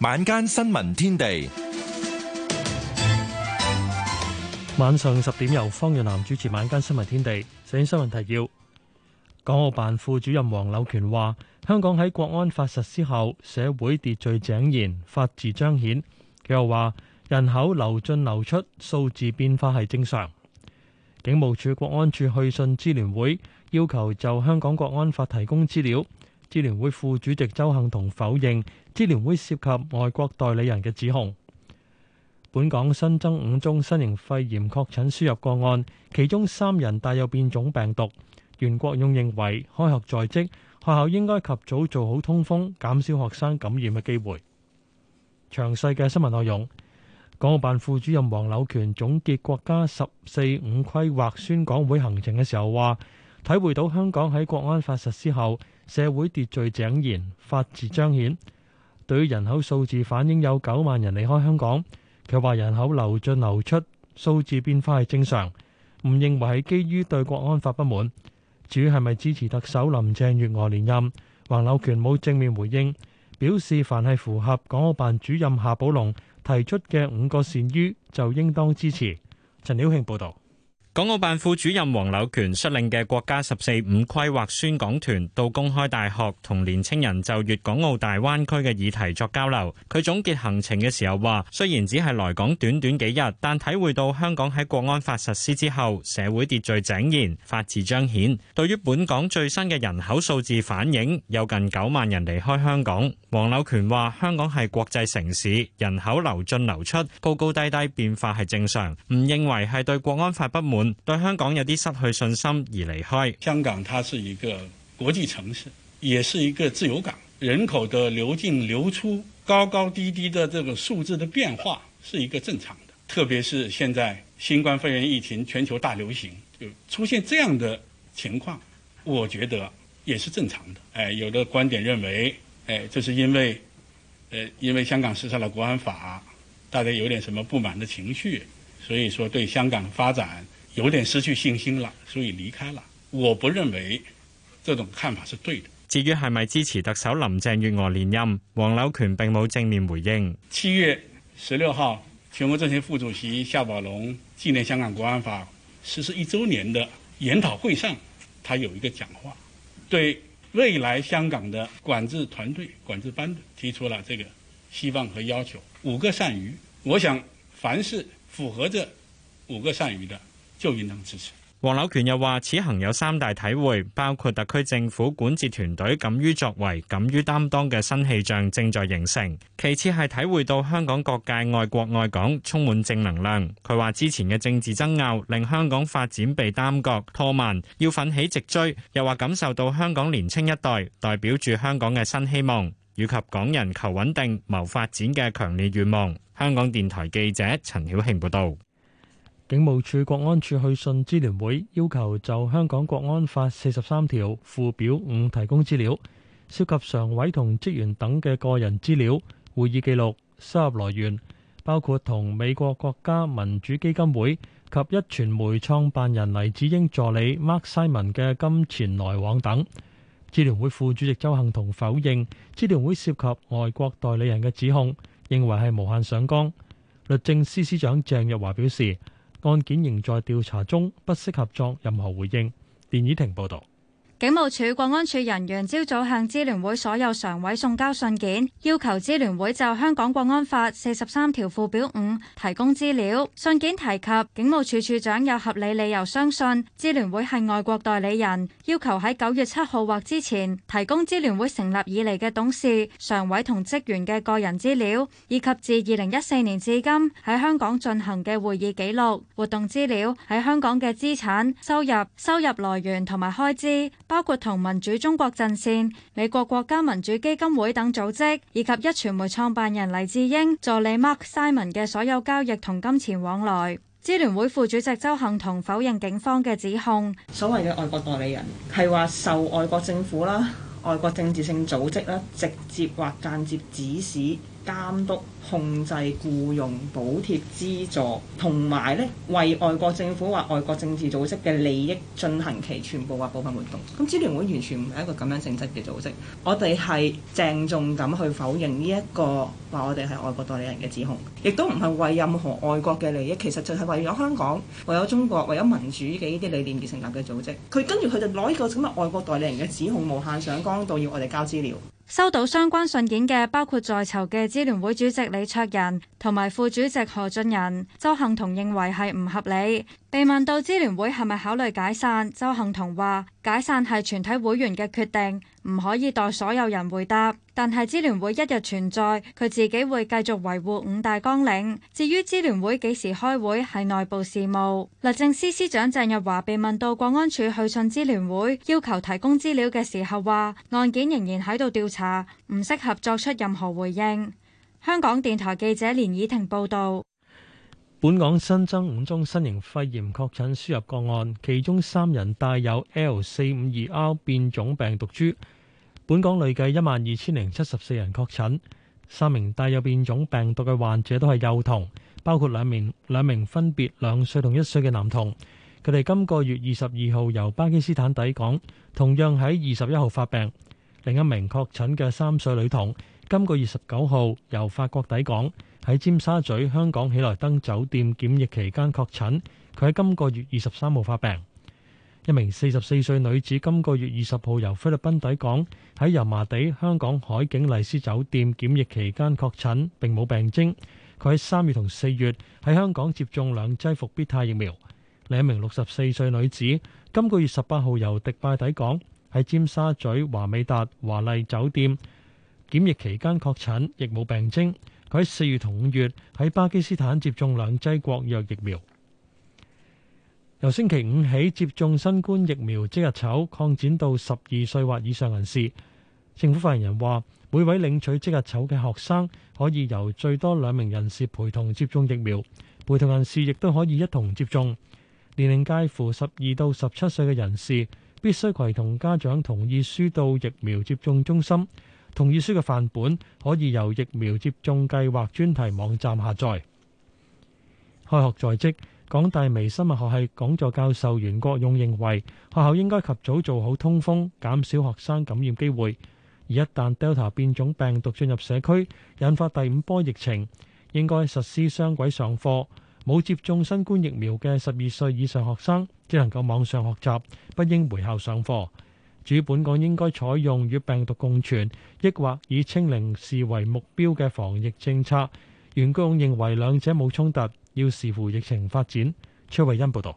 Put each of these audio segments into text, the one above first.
晚間新聞天地，晚上十點由方若南主持。晚間新聞天地，首先新，新聞提要。港澳辦副主任黃柳權話：香港喺國安法實施後，社會秩序井然，法治彰顯。佢又話人口流進流出數字變化係正常。警務處國安處去信支聯會，要求就香港國安法提供資料。支聯會副主席鄒幸彤否認。支聯會涉及外國代理人嘅指控。本港新增五宗新型肺炎確診輸入個案，其中三人帶有變種病毒。袁國勇認為開學在即，學校應該及早做好通風，減少學生感染嘅機會。詳細嘅新聞內容，港澳辦副主任黃柳權總結國家十四五規劃宣講會行程嘅時候話，體會到香港喺國安法實施後，社會秩序井然，法治彰顯。對於人口數字反映有九萬人離開香港，佢話人口流進流出數字變化係正常，唔認為係基於對國安法不滿。至於係咪支持特首林鄭月娥連任，黃柳權冇正面回應，表示凡係符合港澳辦主任夏寶龍提出嘅五個善於就應當支持。陳曉慶報導。港澳辦副主任黃柳權率領嘅國家十四五規劃宣講團到公開大學同年青人就粵港澳大灣區嘅議題作交流。佢總結行程嘅時候話，雖然只係來港短短幾日，但體會到香港喺國安法實施之後，社會秩序井然，法治彰顯。對於本港最新嘅人口數字反映，有近九萬人離開香港。黃柳權話，香港係國際城市，人口流進流出高高低低變化係正常，唔認為係對國安法不滿。對香港有啲失去信心而離開。香港它是一個國際城市，也是一個自由港，人口的流進流出，高高低低的這個數字的變化是一個正常的。特別是現在新冠肺炎疫情全球大流行，就出現這樣的情況，我覺得也是正常的。誒、哎，有的觀點認為，誒、哎，這、就是因為，誒、哎，因為香港實施了國安法，大家有點什麼不滿的情緒，所以說對香港發展。有點失去信心了，所以離開了。我不認為這種看法是對的。至於係咪支持特首林鄭月娥連任，黃柳權並冇正面回應。七月十六號，全國政協副主席夏寶龍紀念香港國安法實施一周年的研討會上，他有一個講話，對未來香港的管制團隊、管制班子提出了這個希望和要求。五個善於，我想凡是符合這五個善於的。黃柳權又話：此行有三大體會，包括特區政府管治團隊敢於作為、敢於擔當嘅新氣象正在形成。其次係體會到香港各界愛國愛港充滿正能量。佢話：之前嘅政治爭拗令香港發展被耽擱拖慢，要奮起直追。又話感受到香港年輕一代代表住香港嘅新希望，以及港人求穩定、謀發展嘅強烈願望。香港電台記者陳曉慶報導。警務處國安處去信支聯會，要求就香港國安法四十三條附表五提供資料，涉及常委同職員等嘅個人資料、會議記錄、收入來源，包括同美國國家民主基金會及一傳媒創辦人黎智英助理 Mark Simon 嘅金錢來往等。支聯會副主席周幸彤否認支聯會涉及外國代理人嘅指控，認為係無限上綱。律政司司長鄭若驊表示。案件仍在調查中，不適合作任何回應。田倚婷報道。警務處國安處人員朝早向支聯會所有常委送交信件，要求支聯會就香港國安法四十三條附表五提供資料。信件提及警務處處長有合理理由相信支聯會係外國代理人，要求喺九月七號或之前提供支聯會成立以嚟嘅董事、常委同職員嘅個人資料，以及自二零一四年至今喺香港進行嘅會議記錄、活動資料、喺香港嘅資產、收入、收入來源同埋開支。包括同民主中國陣線、美國國家民主基金會等組織，以及壹傳媒創辦人黎智英助理 Mark Simon 嘅所有交易同金錢往來。支聯會副主席鄒幸彤否認警方嘅指控，所謂嘅外國代理人係話受外國政府啦、外國政治性組織啦直接或間接指使、監督、控制、僱用、補貼、資助，同埋呢為外國政府或外國政治組織嘅利益進行其全部或部分活動。咁支聯會完全唔係一個咁樣性質嘅組織，我哋係鄭重咁去否認呢、這、一個話我哋係外國代理人嘅指控，亦都唔係為任何外國嘅利益，其實就係為咗香港、為咗中國、為咗民主嘅呢啲理念而成立嘅組織。佢跟住佢就攞呢個什麼外國代理人嘅指控無限上綱到要我哋交資料。收到相關信件嘅包括在囚嘅支聯會主席李卓人同埋副主席何俊仁，鄒幸彤認為係唔合理。被問到支聯會係咪考慮解散，周幸彤話：解散係全體會員嘅決定，唔可以代所有人回答。但係支聯會一日存在，佢自己會繼續維護五大綱領。至於支聯會幾時開會，係內部事務。律政司司長鄭日華被問到國安處去信支聯會要求提供資料嘅時候，話案件仍然喺度調查，唔適合作出任何回應。香港電台記者連以婷報導。本港新增五宗新型肺炎確診輸入個案，其中三人帶有 L 四五二 R 變種病毒株。本港累計一萬二千零七十四人確診，三名帶有變種病毒嘅患者都係幼童，包括兩名兩名分別兩歲同一歲嘅男童，佢哋今個月二十二號由巴基斯坦抵港，同樣喺二十一號發病。另一名確診嘅三歲女童，今個月十九號由法國抵港。喺尖沙咀香港喜來登酒店檢疫期間確診，佢喺今個月二十三號發病。一名四十四歲女子今個月二十號由菲律賓抵港，喺油麻地香港海景麗斯酒店檢疫期間確診，並冇病徵。佢喺三月同四月喺香港接種兩劑復必泰疫苗。另一名六十四歲女子今個月十八號由迪拜抵港，喺尖沙咀華美達華麗酒店檢疫期間確診，亦冇病徵。喺四月同五月喺巴基斯坦接種兩劑國藥疫苗。由星期五起接種新冠疫苗即日籌，擴展到十二歲或以上人士。政府發言人話，每位領取即日籌嘅學生可以由最多兩名人士陪同接種疫苗，陪同人士亦都可以一同接種。年齡介乎十二到十七歲嘅人士必須攜同家長同意書到疫苗接種中心。同意書嘅範本可以由疫苗接種計劃專題網站下載。開學在即，港大微生物學系講座教授袁國勇認為，學校應該及早做好通風，減少學生感染機會。而一旦 Delta 變種病毒進入社區，引發第五波疫情，應該實施雙軌上課。冇接種新冠疫苗嘅十二歲以上學生，只能夠網上學習，不應回校上課。主本港應該採用與病毒共存，抑或以清零視為目標嘅防疫政策。袁國勇認為兩者冇衝突，要視乎疫情發展。崔慧欣報導。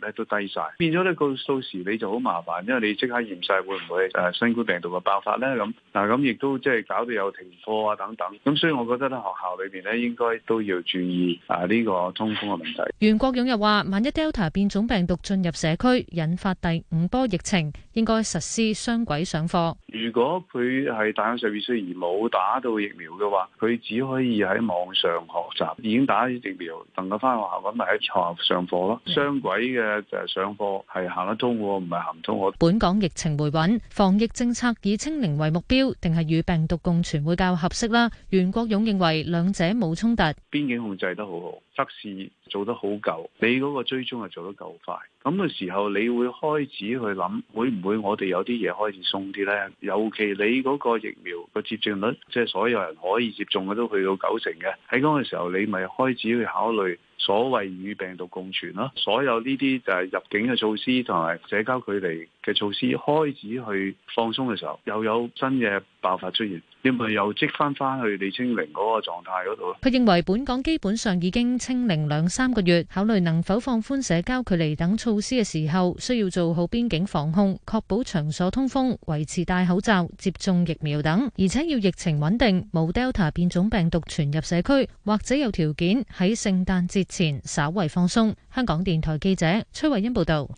咧都低曬，變咗咧到到時你就好麻煩，因為你即刻驗晒會唔會誒新冠病毒嘅爆發咧咁，嗱咁亦都即係搞到有停課啊、等等，咁所以我覺得咧學校裏邊咧應該都要注意啊呢個通風嘅問題。袁國勇又話，萬一 Delta 變種病毒進入社區，引發第五波疫情，應該實施雙軌上課。如果佢係大約十二歲而冇打到疫苗嘅話，佢只可以喺網上學習；已經打咗疫苗，等佢翻學校咁咪喺學校上課咯。雙軌嘅就係上課係行得通喎，唔係行唔通。本港疫情回穩，防疫政策以清零為目標，定係與病毒共存會較合適啦。袁國勇認為兩者冇衝突。邊境控制得好好，則是。做得好夠，你嗰個追蹤係做得夠快，咁嘅時候你會開始去諗，會唔會我哋有啲嘢開始鬆啲呢？尤其你嗰個疫苗個接種率，即係所有人可以接種嘅都去到九成嘅，喺嗰個時候你咪開始去考慮。所謂與病毒共存咯，所有呢啲就係入境嘅措施同埋社交距離嘅措施開始去放鬆嘅時候，又有新嘅爆發出現，會唔會又積翻翻去未清零嗰個狀態嗰度？佢認為本港基本上已經清零兩三個月，考慮能否放寬社交距離等措施嘅時候，需要做好邊境防控，確保場所通風，維持戴口罩、接種疫苗等，而且要疫情穩定，冇 Delta 變種病毒傳入社區，或者有條件喺聖誕節前稍微放鬆。香港電台記者崔慧欣報道，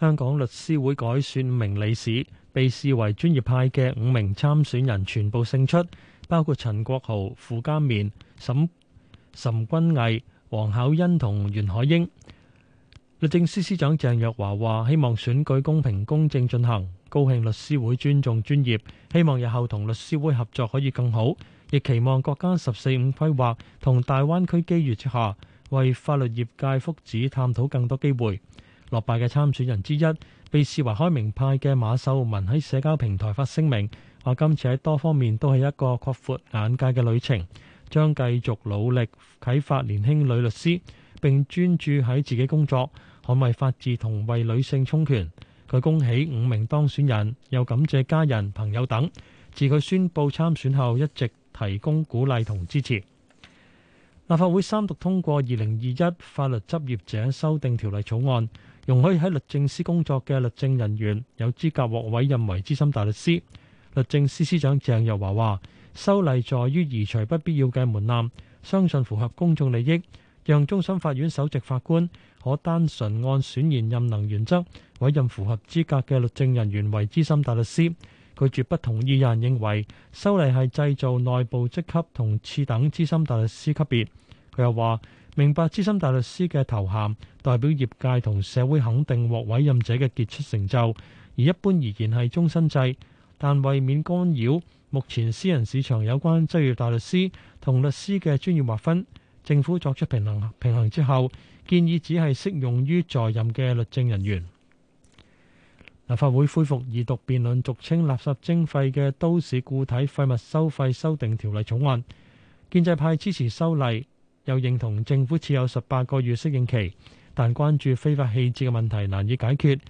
香港律師會改選五名理事，被視為專業派嘅五名參選人全部勝出，包括陳國豪、傅家綿、岑君毅、黃巧恩同袁海英。律政司司長鄭若驊話，希望選舉公平公正進行，高興律師會尊重專業，希望日後同律師會合作可以更好，亦期望國家十四五規劃同大灣區機遇之下。為法律業界福祉探討更多機會。落敗嘅參選人之一，被視為開明派嘅馬秀文喺社交平台發聲明，話今次喺多方面都係一個擴闊眼界嘅旅程，將繼續努力啟發年輕女律師，並專注喺自己工作，捍衛法治同為女性充權。佢恭喜五名當選人，又感謝家人朋友等。自佢宣布參選後，一直提供鼓勵同支持。立法會三讀通過《二零二一法律執業者修訂條例草案》，容許喺律政司工作嘅律政人員有資格獲委任為資深大律師。律政司司長鄭若驊話：修例在於移除不必要嘅門檻，相信符合公眾利益，讓終審法院首席法官可單純按選賢任能原則委任符合資格嘅律政人員為資深大律師。佢絕不同意，有人認為修例係製造內部職級同次等資深大律師級別。佢又話明白資深大律師嘅頭銜代表業界同社會肯定獲委任者嘅傑出成就，而一般而言係終身制。但為免干擾目前私人市場有關執業大律師同律師嘅專業劃分，政府作出平衡平衡之後建議只係適用於在任嘅律政人員。立法會恢復二讀辯論俗稱垃圾徵費嘅《都市固體廢物收費修訂條例》草案，建制派支持修例，又認同政府設有十八個月適應期，但關注非法棄置嘅問題難以解決。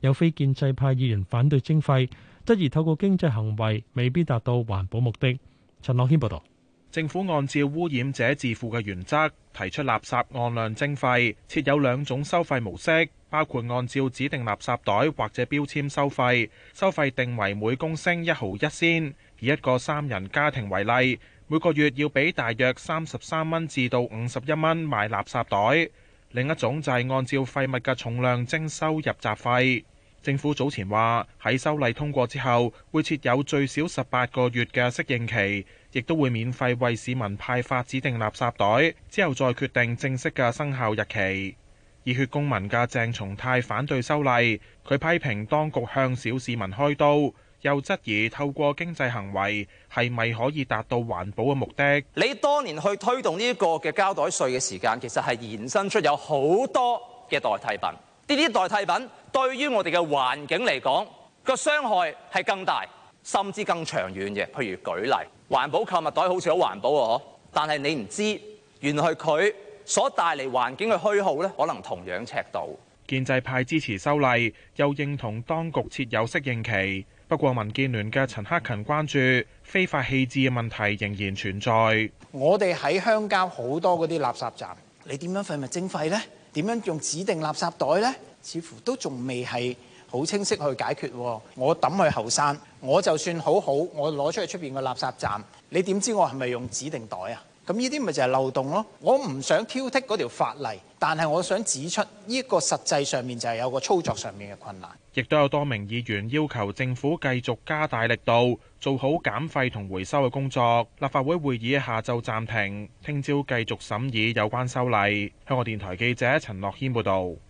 有非建制派議員反對徵費，質疑透過經濟行為未必達到環保目的。陳樂軒報導。政府按照污染者自付嘅原則提出垃圾按量徵費，設有兩種收費模式，包括按照指定垃圾袋或者標籤收費，收費定為每公升一毫一仙。以一個三人家庭為例，每個月要俾大約三十三蚊至到五十一蚊買垃圾袋。另一種就係按照廢物嘅重量徵收入閘費。政府早前話喺修例通過之後，會設有最少十八個月嘅適應期。亦都會免費為市民派發指定垃圾袋，之後再決定正式嘅生效日期。熱血公民嘅鄭松泰反對修例，佢批評當局向小市民開刀，又質疑透過經濟行為係咪可以達到環保嘅目的？你多年去推動呢個嘅膠袋稅嘅時間，其實係延伸出有好多嘅代替品。呢啲代替品對於我哋嘅環境嚟講，個傷害係更大，甚至更長遠嘅。譬如舉例。環保購物袋好似好環保喎，但係你唔知原來佢所帶嚟環境嘅虛耗呢，可能同樣尺度。建制派支持修例，又認同當局設有適應期。不過民建聯嘅陳克勤關注非法棄置嘅問題仍然存在。我哋喺鄉郊好多嗰啲垃圾站，你點樣廢物徵費呢？點樣用指定垃圾袋呢？似乎都仲未係好清晰去解決，我抌去後山，我就算好好，我攞出去出邊個垃圾站，你點知我係咪用指定袋啊？咁呢啲咪就係漏洞咯。我唔想挑剔嗰條法例，但係我想指出呢個實際上面就係有個操作上面嘅困難，亦都有多名議員要求政府繼續加大力度做好減廢同回收嘅工作。立法會會議下晝暫停，聽朝繼續審議有關修例。香港電台記者陳樂謙報道。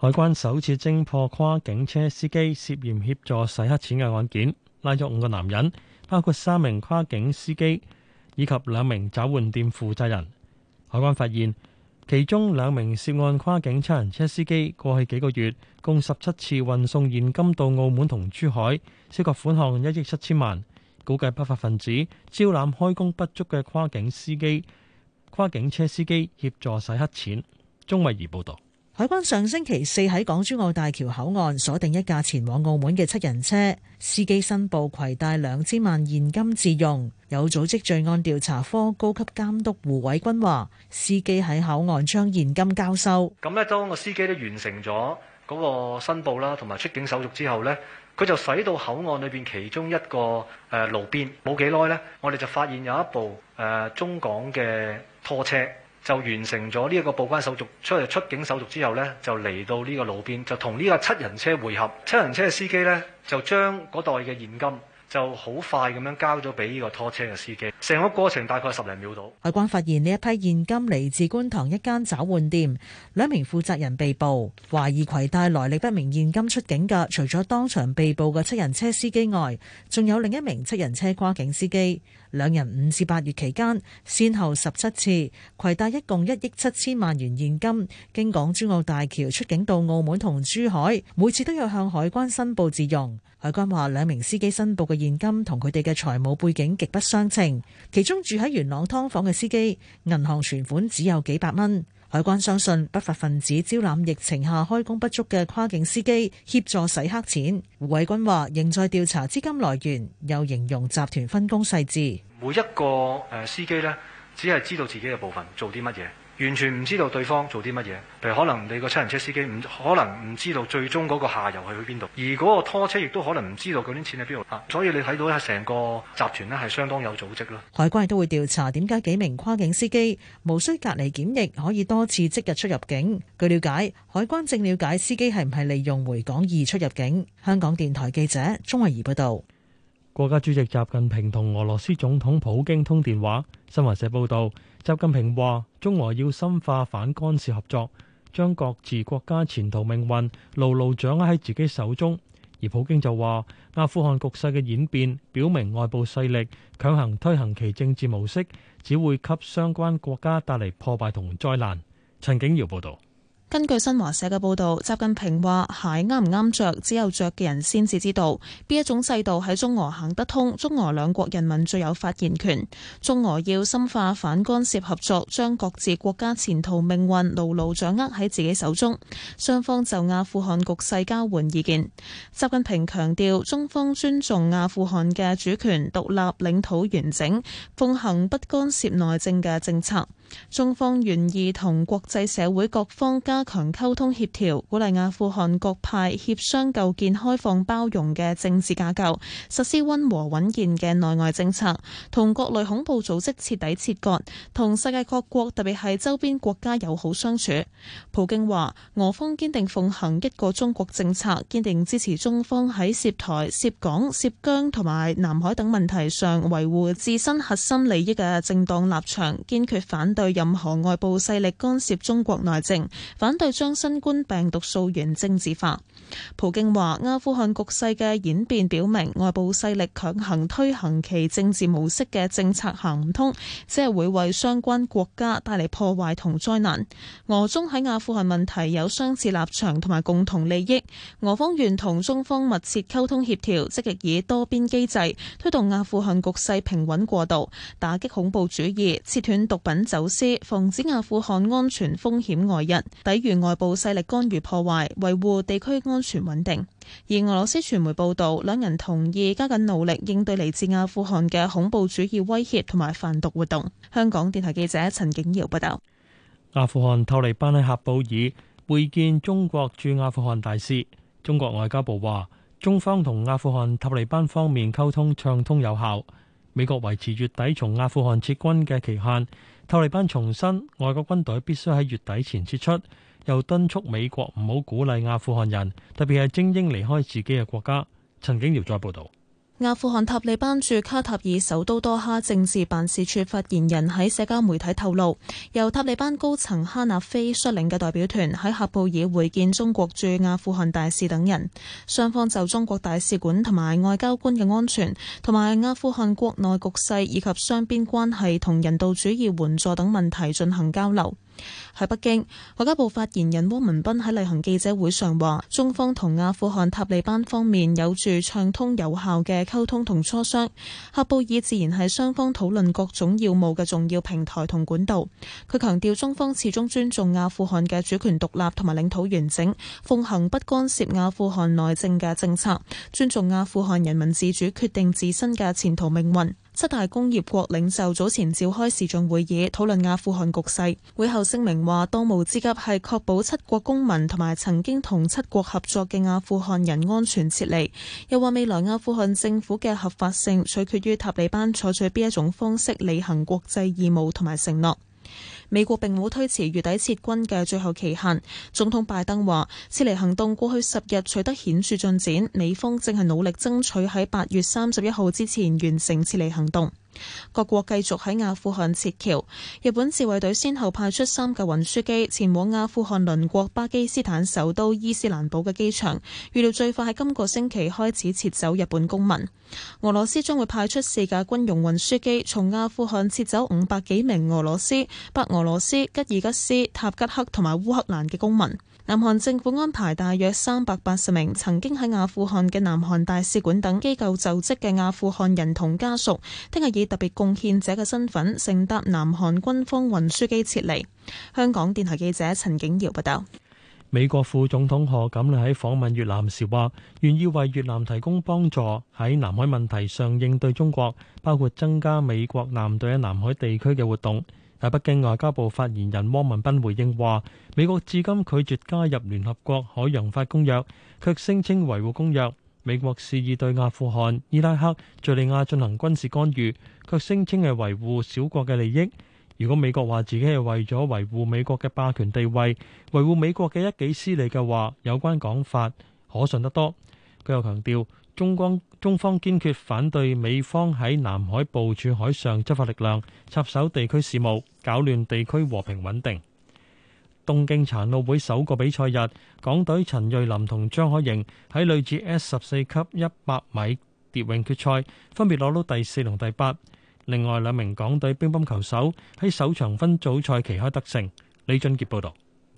海關首次偵破跨境車司機涉嫌協助洗黑錢嘅案件，拉咗五個男人，包括三名跨境司機以及兩名找換店負責人。海關發現，其中兩名涉案跨境七人車司機過去幾個月共十七次運送現金到澳門同珠海，涉及款項一億七千萬。估計不法分子招攬開工不足嘅跨境司機，跨境車司機協助洗黑錢。鍾慧儀報道。海關上星期四喺港珠澳大橋口岸鎖定一架前往澳門嘅七人車，司機申報攜帶兩千萬現金自用。有組織罪案調查科高級監督胡偉君話，司機喺口岸將現金交收。咁呢，當個司機都完成咗嗰個申報啦，同埋出境手續之後呢，佢就駛到口岸裏邊其中一個誒路邊，冇幾耐呢，我哋就發現有一部誒中港嘅拖車。就完成咗呢個報關手續，出出境手續之後咧，就嚟到呢個路邊，就同呢個七人車匯合。七人車嘅司機咧，就將嗰袋嘅現金。就好快咁樣交咗俾呢個拖車嘅司機，成個過程大概十零秒度。海關發現呢一批現金嚟自觀塘一間找換店，兩名負責人被捕，懷疑攜帶來歷不明現金出境嘅，除咗當場被捕嘅七人車司機外，仲有另一名七人車跨境司機。兩人五至八月期間，先後十七次攜帶一共一億七千萬元現金，經港珠澳大橋出境到澳門同珠海，每次都要向海關申報自用。海關話：兩名司機申報嘅現金同佢哋嘅財務背景極不相稱，其中住喺元朗劏房嘅司機，銀行存款只有幾百蚊。海關相信不法分子招攬疫情下開工不足嘅跨境司機協助洗黑錢。胡偉君話仍在調查資金來源，又形容集團分工細緻，每一個司機呢，只係知道自己嘅部分做啲乜嘢。完全唔知道對方做啲乜嘢，譬如可能你個七人車司機唔可能唔知道最終嗰個下游係去邊度，而嗰個拖車亦都可能唔知道嗰啲錢喺邊度。所以你睇到咧，成個集團呢，係相當有組織咯。海關亦都會調查點解幾名跨境司機無需隔離檢疫，可以多次即日出入境。據了解，海關正了解司機係唔係利用回港易出入境。香港電台記者鍾慧儀報導。國家主席習近平同俄羅斯總統普京通電話。新華社報導。習近平話：中俄要深化反干涉合作，將各自國家前途命運牢牢掌握喺自己手中。而普京就話：阿富汗局勢嘅演變表明，外部勢力強行推行其政治模式，只會給相關國家帶嚟破壞同災難。陳景堯報道。根據新華社嘅報導，習近平話：鞋啱唔啱着，只有着嘅人先至知道。邊一種制度喺中俄行得通，中俄兩國人民最有發言權。中俄要深化反干涉合作，將各自國家前途命運牢牢掌握喺自己手中。雙方就阿富汗局勢交換意見。習近平強調，中方尊重阿富汗嘅主權、獨立、領土完整，奉行不干涉內政嘅政策。中方願意同國際社會各方加強溝通協調，鼓勵阿富汗各派協商構建開放包容嘅政治架構，實施温和穩健嘅內外政策，同各類恐怖組織徹底切割，同世界各國，特別係周邊國家友好相處。普京話：俄方堅定奉行一個中國政策，堅定支持中方喺涉台、涉港、涉疆同埋南海等問題上維護自身核心利益嘅正當立場，堅決反對，對任何外部勢力干涉中國內政，反對將新冠病毒溯源政治化。普京話：阿富汗局勢嘅演變表明，外部勢力強行推行其政治模式嘅政策行唔通，即係會為相關國家帶嚟破壞同災難。俄中喺阿富汗問題有相似立場同埋共同利益，俄方願同中方密切溝通協調，積極以多邊機制推動阿富汗局勢平穩過渡，打擊恐怖主義，切斷毒品走私，防止阿富汗安全風險外溢，抵禦外部勢力干預破壞，維護地區安安全穩定，而俄羅斯傳媒報導，兩人同意加緊努力應對來自阿富汗嘅恐怖主義威脅同埋販毒活動。香港電台記者陳景堯報道。阿富汗塔利班喺喀布爾會見中國駐阿富汗大使，中國外交部話，中方同阿富汗塔利班方面溝通暢通有效。美國維持月底從阿富汗撤軍嘅期限，塔利班重申外國軍隊必須喺月底前撤出。又敦促美國唔好鼓勵阿富汗人，特別係精英離開自己嘅國家。曾景姚再報道：阿富汗塔利班駐卡塔爾首都多哈政治辦事處發言人喺社交媒體透露，由塔利班高層哈納菲率領嘅代表團喺喀布爾會見中國駐阿富汗大使等人，雙方就中國大使館同埋外交官嘅安全，同埋阿富汗國內局勢以及雙邊關係同人道主義援助等問題進行交流。喺北京，外交部發言人汪文斌喺例行記者會上話：中方同阿富汗塔利班方面有住暢通有效嘅溝通同磋商，喀布爾自然係雙方討論各種要務嘅重要平台同管道。佢強調，中方始終尊重阿富汗嘅主權獨立同埋領土完整，奉行不干涉阿富汗內政嘅政策，尊重阿富汗人民自主決定自身嘅前途命運。七大工業國領袖早前召開視像會議討論阿富汗局勢，會後聲明話：當務之急係確保七國公民同埋曾經同七國合作嘅阿富汗人安全撤離。又話未來阿富汗政府嘅合法性取決於塔利班採取邊一種方式履行國際義務同埋承諾。美國並冇推遲月底撤軍嘅最後期限。總統拜登話，撤離行動過去十日取得顯著進展，美方正係努力爭取喺八月三十一號之前完成撤離行動。各國繼續喺阿富汗撤僑。日本自衛隊先後派出三架運輸機前往阿富汗鄰國巴基斯坦首都伊斯蘭堡嘅機場，預料最快喺今個星期開始撤走日本公民。俄羅斯將會派出四架軍用運輸機從阿富汗撤走五百幾名俄羅斯、白俄羅斯、吉爾吉斯、塔吉克同埋烏克蘭嘅公民。南韓政府安排大約三百八十名曾經喺阿富汗嘅南韓大使館等機構就職嘅阿富汗人同家屬，聽日以特別貢獻者嘅身份乘搭南韓軍方運輸機撤離。香港電台記者陳景耀報道。美國副總統賀錦麗喺訪問越南時話，願意為越南提供幫助，喺南海問題上應對中國，包括增加美國艦隊喺南海地區嘅活動。喺北京外交部，發言人汪文斌回應話，美國至今拒絕加入聯合國海洋法公約，卻聲稱維護公約，美國肆意對阿富汗、伊拉克、敘利亞進行軍事干預，卻聲稱係維護小國嘅利益。如果美國話自己係為咗維護美國嘅霸權地位、維護美國嘅一己私利嘅話，有關講法可信得多。佢又強調。中方中方堅決反對美方喺南海部署海上執法力量，插手地區事務，搞亂地區和平穩定。東京殘奧會首個比賽日，港隊陳睿琳同張海瑩喺女子 S 十四級一百米蝶泳決賽分別攞到第四同第八。另外兩名港隊乒乓球手喺首場分組賽旗開得勝。李俊傑報導。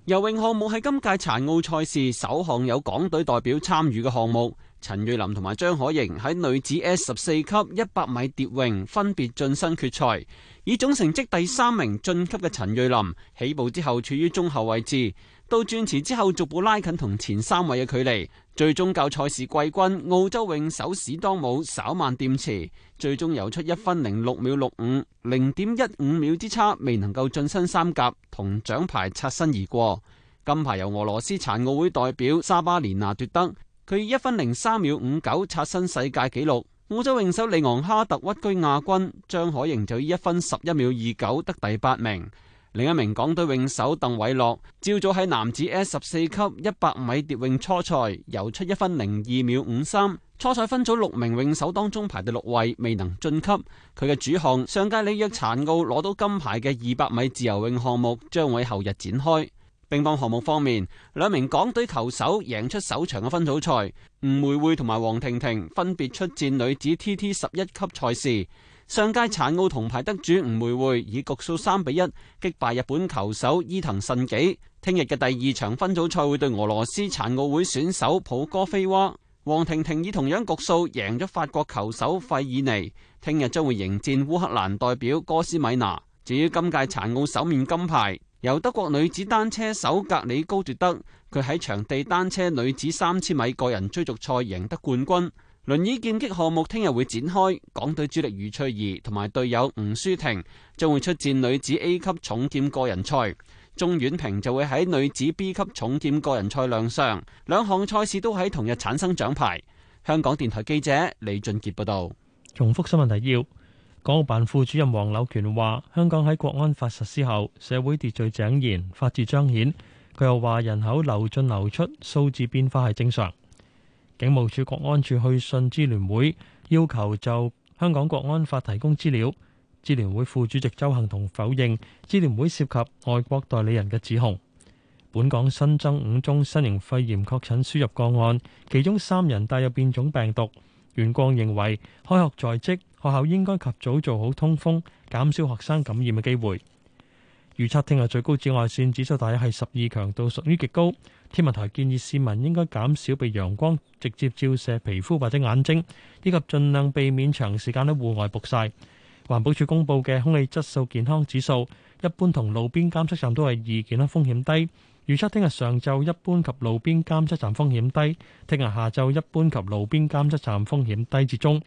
游泳項目係今屆殘奧賽事首項有港隊代表參與嘅項目。陳瑞琳同埋張可盈喺女子 S 十四級一百米蝶泳分別晉身決賽，以總成績第三名晉級嘅陳瑞琳起步之後處於中後位置，到轉池之後逐步拉近同前三位嘅距離，最終較賽事季軍澳洲泳手史多姆稍慢掂池，最終游出一分零六秒六五，零點一五秒之差未能夠晉身三甲，同獎牌擦身而過。金牌由俄羅斯殘奧會代表沙巴連娜奪得。佢以一分零三秒五九刷新世界紀錄。澳洲泳手利昂哈特屈居亞軍，張海盈就以一分十一秒二九得第八名。另一名港隊泳手鄧偉樂，朝早喺男子 S 十四級一百米蝶泳初賽游出一分零二秒五三，初賽分組六名泳手當中排第六位，未能晉級。佢嘅主項上屆里約殘奧攞到金牌嘅二百米自由泳項目，將會後日展開。乒乓項目方面，兩名港隊球手贏出首場嘅分組賽，吳梅會同埋黃婷婷分別出戰女子 TT 十一級賽事。上屆殘奧銅牌得主吳梅會以局數三比一擊敗日本球手伊藤慎紀，聽日嘅第二場分組賽會對俄羅斯殘奧會選手普哥菲娃。黃婷婷以同樣局數贏咗法國球手費爾尼，聽日將會迎戰烏克蘭代表哥斯米娜。至於今屆殘奧首面金牌由德國女子單車手格里高奪得，佢喺場地單車女子三千米個人追逐賽贏得冠軍。輪椅劍擊項目聽日會展開，港隊主力余翠怡同埋隊友吳舒婷將會出戰女子 A 級重劍個人賽，鍾婉萍就會喺女子 B 級重劍個人賽亮相。兩項賽事都喺同日產生獎牌。香港電台記者李俊杰報道。重複新聞提要。港澳辦副主任黃柳權話：香港喺國安法實施後，社會秩序井然，法治彰顯。佢又話人口流進流出，數字變化係正常。警務處國安處去信支聯會，要求就香港國安法提供資料。支聯會副主席周幸彤否認支聯會涉及外國代理人嘅指控。本港新增五宗新型肺炎確診輸入個案，其中三人帶有變種病毒。袁光認為開學在即。學校應該及早做好通風，減少學生感染嘅機會。預測聽日最高紫外線指數大約係十二，強度屬於極高。天文台建議市民應該減少被陽光直接照射皮膚或者眼睛，以及盡量避免長時間喺戶外曝曬。環保署公布嘅空氣質素健康指數，一般同路邊監測站都係二，健康風險低。預測聽日上晝一般及路邊監測站風險低，聽日下晝一般及路邊監測站風險低至中。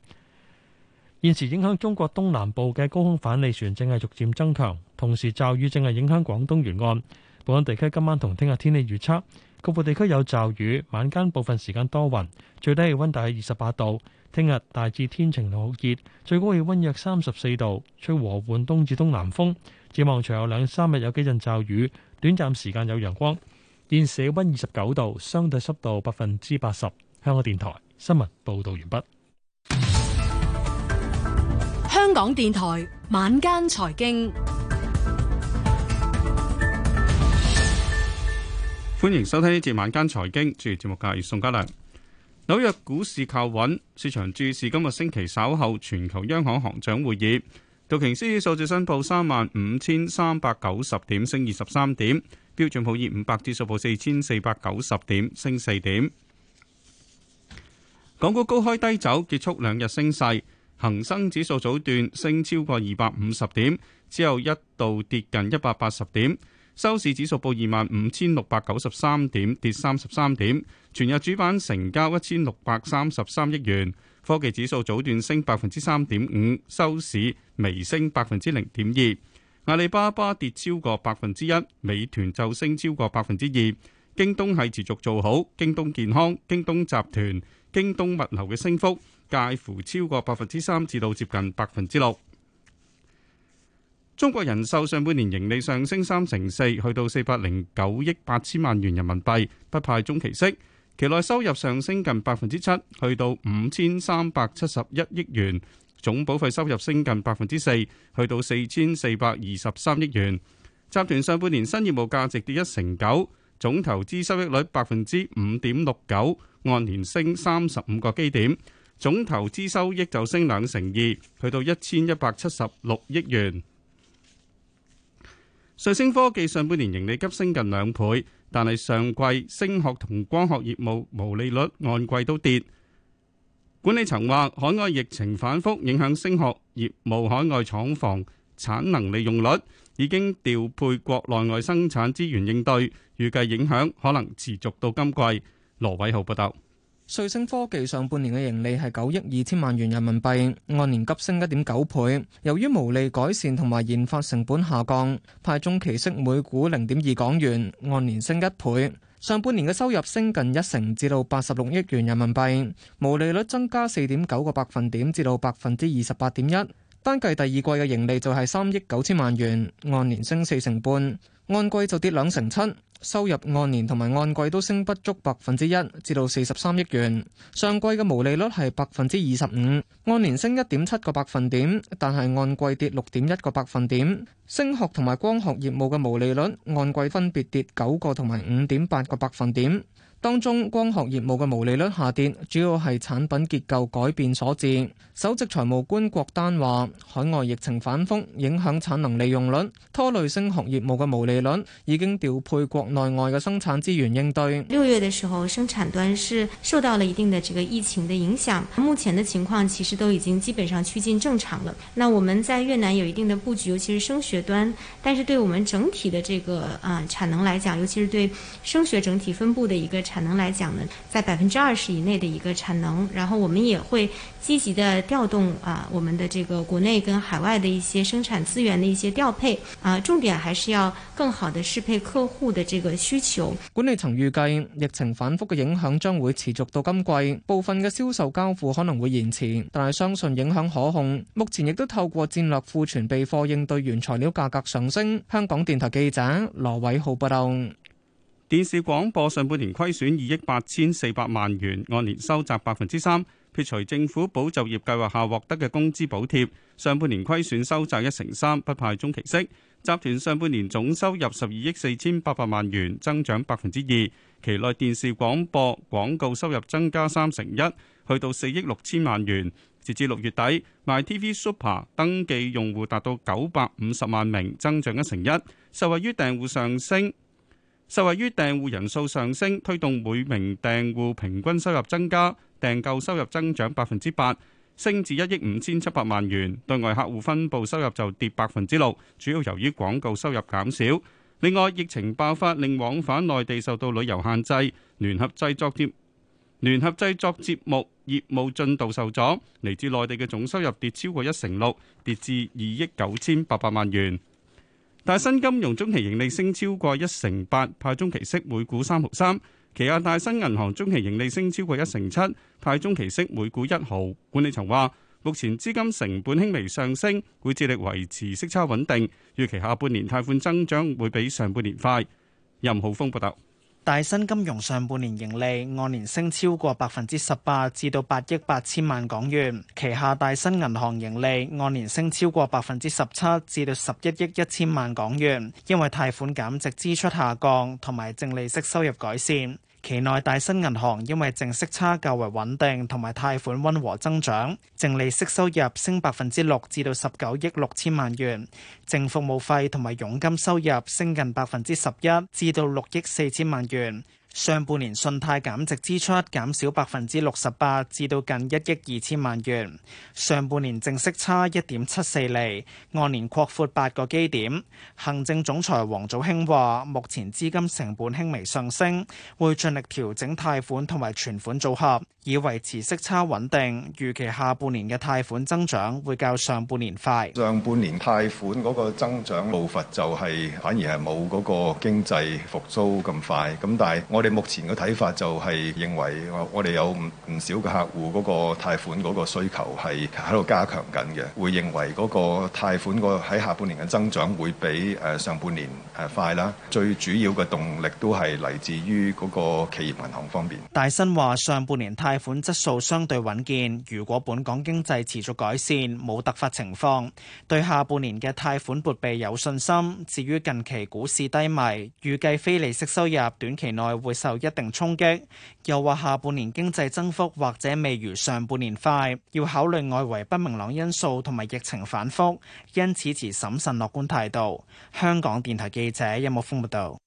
現時影響中國東南部嘅高空反氣旋正係逐漸增強，同時驟雨正係影響廣東沿岸。本港地區今晚同聽日天氣預測，局部地區有驟雨，晚間部分時間多雲，最低氣溫大約二十八度。聽日大致天晴好熱，最高氣溫約三十四度，吹和緩東至東南風。展望隨後兩三日有幾陣驟雨，短暫時間有陽光。現時氣溫二十九度，相對濕度百分之八十。香港電台新聞報道完畢。香港電台晚間財經，歡迎收聽呢節晚間財經，主持節目嘅係宋家良。紐約股市靠穩，市場注視今個星期稍後全球央行行,行長會議。道瓊斯指數升報三萬五千三百九十點，升二十三點；標準普爾五百指數報四千四百九十點，升四點。港股高開低走，結束兩日升勢。恒生指數早段升超過二百五十點，之後一度跌近一百八十點，收市指數報二萬五千六百九十三點，跌三十三點。全日主板成交一千六百三十三億元。科技指數早段升百分之三點五，收市微升百分之零點二。阿里巴巴跌超過百分之一，美團就升超過百分之二。京東系持續做好，京東健康、京東集團、京東物流嘅升幅。介乎超過百分之三至到接近百分之六。中國人壽上半年盈利上升三成四，去到四百零九億八千萬元人民幣，不派中期息。期內收入上升近百分之七，去到五千三百七十一億元，總保費收入升近百分之四，去到四千四百二十三億元。集團上半年新業務價值跌一成九，總投資收益率百分之五點六九，按年升三十五個基點。總投資收益就升兩成二，去到一千一百七十六億元。瑞聲科技上半年盈利急升近兩倍，但係上季聲學同光學業務毛利率按季都跌。管理層話，海外疫情反覆影響聲學業務海外廠房產能利用率，已經調配國內外生產資源應對，預計影響可能持續到今季。羅偉浩報道。瑞聲科技上半年嘅盈利係九億二千萬元人民幣，按年急升一點九倍。由於毛利改善同埋研發成本下降，派中期息每股零點二港元，按年升一倍。上半年嘅收入升近一成，至到八十六億元人民幣，毛利率增加四點九個百分點至，至到百分之二十八點一。單計第二季嘅盈利就係三億九千萬元，按年升四成半。按季就跌兩成七，收入按年同埋按季都升不足百分之一，至到四十三億元。上季嘅毛利率係百分之二十五，按年升一點七個百分點，但係按季跌六點一個百分點。聲學同埋光學業務嘅毛利率按季分別跌九個同埋五點八個百分點。當中光學業務嘅毛利率下跌，主要係產品結構改變所致。首席財務官郭丹話：海外疫情反覆影響產能利用率，拖累聲學業務嘅毛利率，已經調配國內外嘅生產資源應對。六月嘅時候，生產端是受到了一定的這個疫情嘅影響，目前嘅情況其實都已經基本上趨近正常了。那我們在越南有一定嘅布局，尤其是聲學端，但是對我們整體嘅這個啊產能來講，尤其是對聲學整體分布嘅一個。產能來講呢，在百分之二十以內的一個產能，然後我們也會積極的調動啊，我們的這個國內跟海外的一些生產資源的一些調配啊，重點還是要更好的適配客戶的這個需求。管理層預計疫情反復嘅影響將會持續到今季，部分嘅銷售交付可能會延遲，但係相信影響可控。目前亦都透過戰略庫存備貨應對原材料價格上升。香港電台記者羅偉浩報道。電視廣播上半年虧損二億八千四百萬元，按年收窄百分之三，撇除政府保就業計劃下獲得嘅工資補貼。上半年虧損收窄一成三，不派中期息。集團上半年總收入十二億四千八百萬元，增長百分之二。期內電視廣播廣告收入增加三成一，去到四億六千萬元。截至六月底，MyTV Super 登記用戶達到九百五十萬名，增長一成一，受惠於訂戶上升。受惠於訂戶人數上升，推動每名訂戶平均收入增加，訂購收入增長百分之八，升至一億五千七百萬元。對外客戶分部收入就跌百分之六，主要由於廣告收入減少。另外，疫情爆發令往返內地受到旅遊限制，聯合製作節聯合製作節目業務進度受阻，嚟自內地嘅總收入跌超過一成六，跌至二億九千八百萬元。大新金融中期盈利升超過一成八，派中期息每股三毫三；旗下大新銀行中期盈利升超過一成七，派中期息每股一毫。管理層話，目前資金成本輕微上升，會致力維持息差穩定。預期下半年貸款增長會比上半年快。任浩峰報道。大新金融上半年盈利按年升超過百分之十八，至到八億八千萬港元。旗下大新銀行盈利按年升超過百分之十七，至到十一億一千萬港元，因為貸款減值支出下降，同埋淨利息收入改善。期內大新銀行因為淨息差較為穩定同埋貸款溫和增長，淨利息收入升百分之六至到十九億六千萬元，淨服務費同埋佣金收入升近百分之十一至到六億四千萬元。上半年信貸減值支出減少百分之六十八，至到近一億二千萬元。上半年淨息差一點七四厘，按年擴闊八個基點。行政總裁王祖興話：目前資金成本輕微上升，會盡力調整貸款同埋存款組合，以維持息差穩定。預期下半年嘅貸款增長會較上半年快。上半年貸款嗰個增長步伐就係、是、反而係冇嗰個經濟復甦咁快。咁但係我。我哋目前嘅睇法就係認為我我哋有唔唔少嘅客戶嗰個貸款嗰個需求係喺度加強緊嘅，會認為嗰個貸款嗰個喺下半年嘅增長會比誒上半年誒快啦。最主要嘅動力都係嚟自於嗰個企業銀行方面。大新話：上半年貸款質素相對穩健，如果本港經濟持續改善，冇突發情況，對下半年嘅貸款撥備有信心。至於近期股市低迷，預計非利息收入短期內會受一定衝擊，又話下半年經濟增幅或者未如上半年快，要考慮外圍不明朗因素同埋疫情反覆，因此持審慎樂觀態度。香港電台記者殷木峰報道。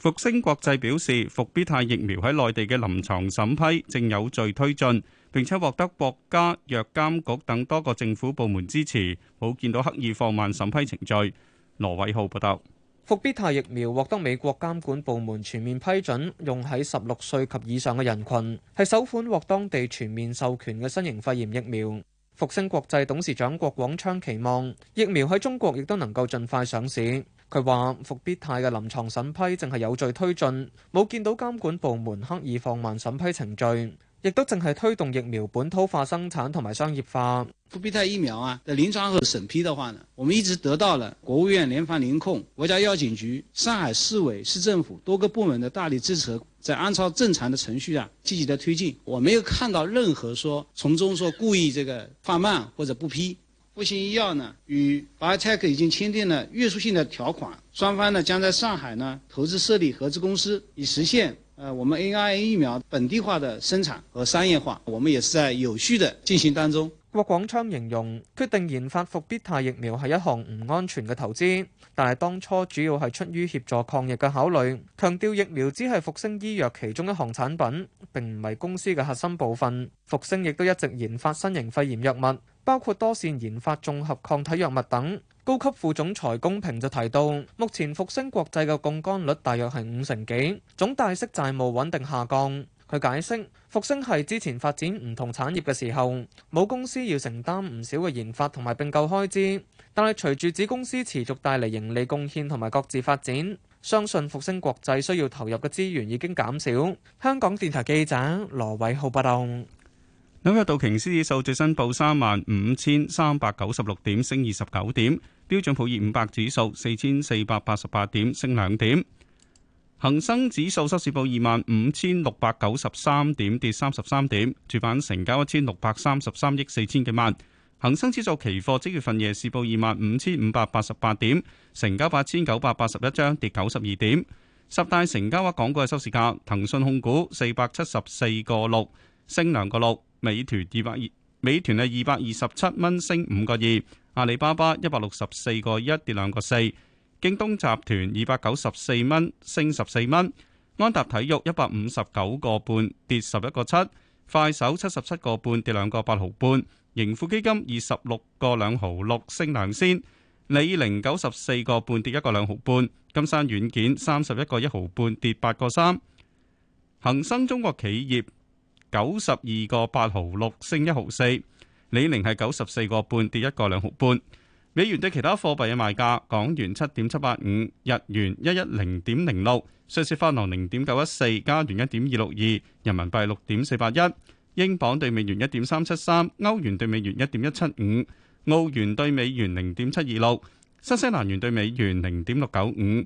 復星國際表示，復必泰疫苗喺內地嘅臨床審批正有序推進，並且獲得國家藥監局等多個政府部門支持，冇見到刻意放慢審批程序。羅偉浩報道。復必泰疫苗獲得美國監管部門全面批准，用喺十六歲及以上嘅人群，係首款獲當地全面授權嘅新型肺炎疫苗。復星國際董事長郭廣昌期望疫苗喺中國亦都能夠盡快上市。佢話復必泰嘅臨床審批正係有序推進，冇見到監管部門刻意放慢審批程序。亦都正係推動疫苗本土化生產同埋商業化。復必泰疫苗啊，的臨床後審批的話呢，我們一直得到了國務院聯防聯控、國家藥監局、上海市委市政府多個部門的大力支持，在按照正常的程序啊，積極的推進。我沒有看到任何說從中說故意這個放慢或者不批。復星醫藥呢，與 BioNTech 已經簽訂了約束性的條款，雙方呢將在上海呢投資設立合資公司，以實現。呃，我們 A I A 疫苗本地化的生產和商業化，我們也是在有序的進行當中。郭廣昌形容決定研發復必泰疫苗係一項唔安全嘅投資，但係當初主要係出於協助抗疫嘅考慮，強調疫苗只係復星醫藥其中一項產品，並唔係公司嘅核心部分。復星亦都一直研發新型肺炎藥物，包括多線研發綜合抗體藥物等。高級副總裁龔平就提到，目前復星國際嘅槓桿率大約係五成幾，總大息債務穩定下降。佢解釋，復星係之前發展唔同產業嘅時候，母公司要承擔唔少嘅研發同埋併購開支，但係隨住子公司持續帶嚟盈利貢獻同埋各自發展，相信復星國際需要投入嘅資源已經減少。香港電台記者羅偉浩報道。紐約道瓊斯指數最新報三萬五千三百九十六點，升二十九點；標準普爾五百指數四千四百八十八點，升兩點。恒生指數收市報二萬五千六百九十三點，跌三十三點。主板成交一千六百三十三億四千幾萬。恒生指數期貨即月份夜市報二萬五千五百八十八點，成交八千九百八十一張，跌九十二點。十大成交股港股嘅收市價，騰訊控股四百七十四個六，升兩個六。美團二百二，美團係二百二十七蚊，升五個二。阿里巴巴一百六十四個一，跌兩個四。京東集團二百九十四蚊，升十四蚊。安踏體育一百五十九個半，跌十一個七。快手七十七個半，跌兩個八毫半。盈富基金二十六個兩毫六，升兩先，李寧九十四個半，跌一個兩毫半。金山軟件三十一個一毫半，跌八個三。恒生中國企業。九十二個八毫六，升一毫四。李寧係九十四個半，跌一個兩毫半。美元對其他貨幣嘅賣價：港元七點七八五，日元一一零點零六，瑞士法郎零點九一四，加元一點二六二，人民幣六點四八一，英鎊對美元一點三七三，歐元對美元一點一七五，澳元對美元零點七二六，新西蘭元對美元零點六九五。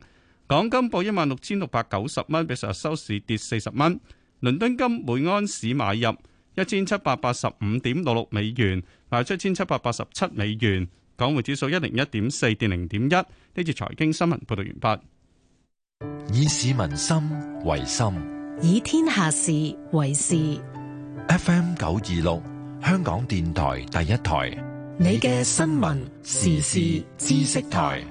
港金報一萬六千六百九十蚊，比上日收市跌四十蚊。倫敦金每安士買入一千七百八十五點六六美元，賣出一千七百八十七美元。港匯指數一零一點四，跌零點一。呢次財經新聞報道完畢。以市民心為心，以天下事為事。F M 九二六，香港電台第一台，你嘅新聞時事知識台，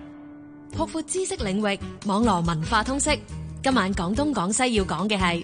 擴闊知識領域，網絡文化通識。今晚廣東廣西要講嘅係。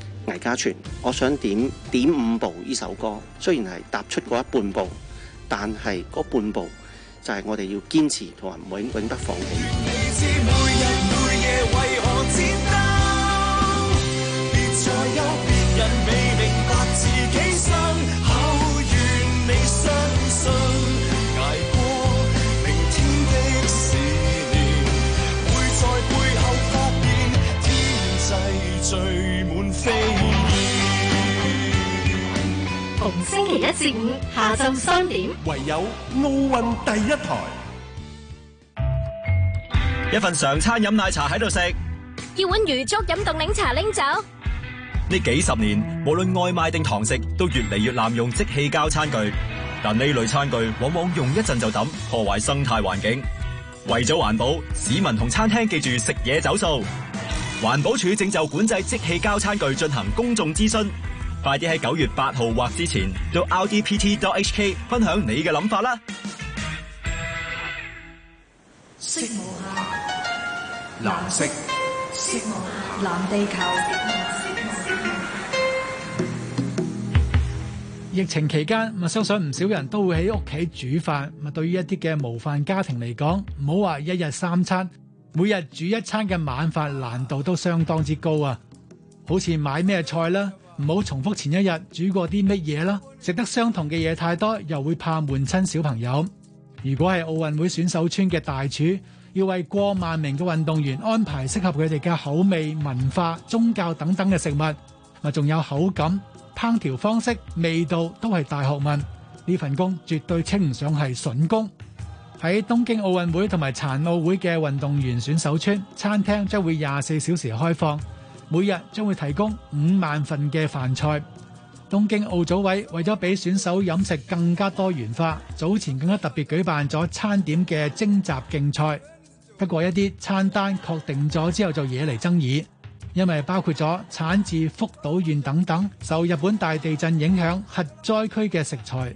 危家傳，我想點點五步呢首歌，雖然係踏出嗰一半步，但係嗰半步就係我哋要堅持同埋永永不放棄。下晝三點，唯有奧運第一台。一份常餐飲奶茶喺度食，要碗魚粥飲凍檸茶拎走。呢幾十年，無論外賣定堂食，都越嚟越濫用即棄膠餐具。但呢類餐具往往用一陣就抌，破壞生態環境。為咗環保，市民同餐廳記住食嘢走數。環保署正就管制即棄膠餐具進行公眾諮詢。快啲喺九月八號或之前到 ldpt.hk 分享你嘅諗法啦！色無下，藍色，色下藍地球。疫情期間，咁相信唔少人都會喺屋企煮飯。咁對於一啲嘅無飯家庭嚟講，唔好話一日三餐，每日煮一餐嘅晚飯難度都相當之高啊！好似買咩菜啦？唔好重複前一日煮過啲乜嘢啦，食得相同嘅嘢太多，又會怕悶親小朋友。如果係奧運會選手村嘅大廚，要為過萬名嘅運動員安排適合佢哋嘅口味、文化、宗教等等嘅食物，咪仲有口感、烹調方式、味道都係大學問。呢份工絕對稱唔上係筍工。喺東京奧運會同埋殘奧會嘅運動員選手村餐廳將會廿四小時開放。每日將會提供五萬份嘅飯菜。東京奧組委為咗畀選手飲食更加多元化，早前更加特別舉辦咗餐點嘅徵集競賽。不過一啲餐單確定咗之後就惹嚟爭議，因為包括咗產自福島縣等等受日本大地震影響核災區嘅食材。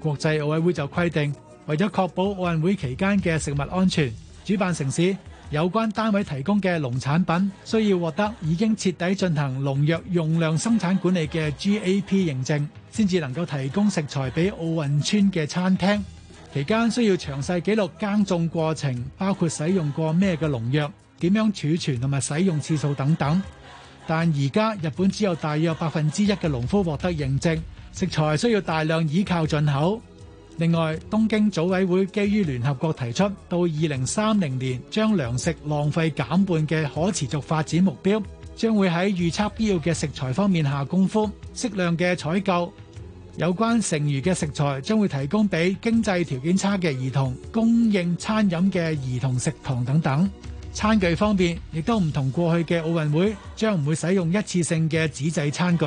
國際奧委會就規定，為咗確保奧運會期間嘅食物安全，主辦城市有關單位提供嘅農產品需要獲得已經徹底進行農藥用量生產管理嘅 GAP 認證，先至能夠提供食材畀奧運村嘅餐廳。期間需要詳細記錄耕種過程，包括使用過咩嘅農藥、點樣儲存同埋使用次數等等。但而家日本只有大約百分之一嘅農夫獲得認證。食材需要大量依靠進口。另外，東京組委會基於聯合國提出到二零三零年將糧食浪費減半嘅可持續發展目標將會喺預測必要嘅食材方面下功夫，適量嘅採購。有關剩餘嘅食材，將會提供俾經濟條件差嘅兒童，供應餐飲嘅兒童食堂等等。餐具方面，亦都唔同過去嘅奧運會，將唔會使用一次性嘅紙製餐具。